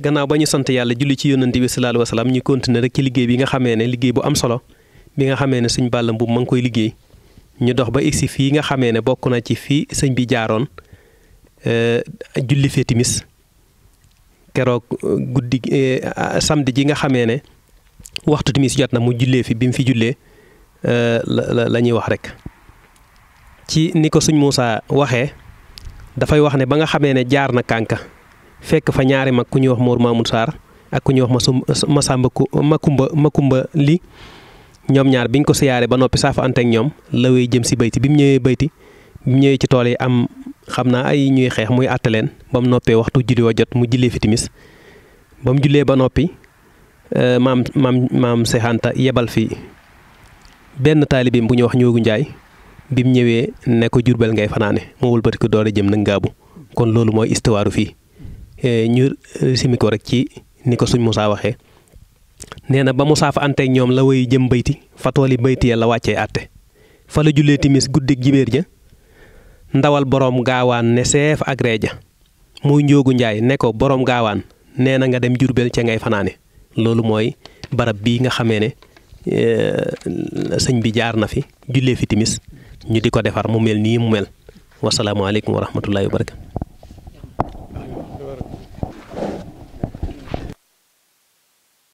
gannaaw ba ñu sant yàlla julli ci yónnante bi sallallahu alayhi wa sallam ñu continuer rek ci liggéey bi nga xamee ne liggéey bu am solo bi nga xamee ne suñ Balla Mbuub ma ngi koy liggéey ñu dox ba egsi fii nga xamee ne bokk na ci fii sëñ bi jaaroon e, julli fee timis keroog e, guddi e, samedi ji nga xamee ne waxtu timis jot na mu jullee fi bi mu fi jullee la la ñuy wax rek ci ni ko suñ Moussa waxee dafay wax ne ba nga xamee ne jaar na kànka fekk fa ñaari mag ku ñuy wax Mor Mamoun Sarr ak ku ñuy wax ma ma Masamba ma Makumba li ñoom ñaar biñ ko siyaaree ba noppi saafa ante ñoom la wéy jëm si bayti bi mu ñëwee bayti bi mu ñëwee ci tool yi am xam naa ay ñuy xeex muy àtte leen ba mu noppee waxtu julli wa jot mu jullee fi timis ba mu jullee ba noppi euh, maam maam maam Seexanta yebal fii benn taalibeem bu ñu wax Ñoogu Njaay bi mu ñëwee ne ko Jurbel ngay fanaane moo wëlbati ko doole jëm nag ngaabu kon loolu mooy istuwaaru fii Eh, ñu eh, simi ko rek ci ni ko suñ musaa waxee nee na ba Moussa fa anteeg ñoom la way jëm bayti fa tooli bayti ya la wàccee àtte fa la julle timis guddik jibéer ja ndawal boroom gaawaan ne seef ak ja muy njóogu njaay ne ko boroom gaawaan nee na nga dem jurbel ca ngay fanaane loolu mooy barab bii nga xamee ne eh, sëñ bi jaar na fi jullee fi timis ñu di ko defar mu mel nii mu mel wasalaamaaleykum wa rahmatullahi wa barakatu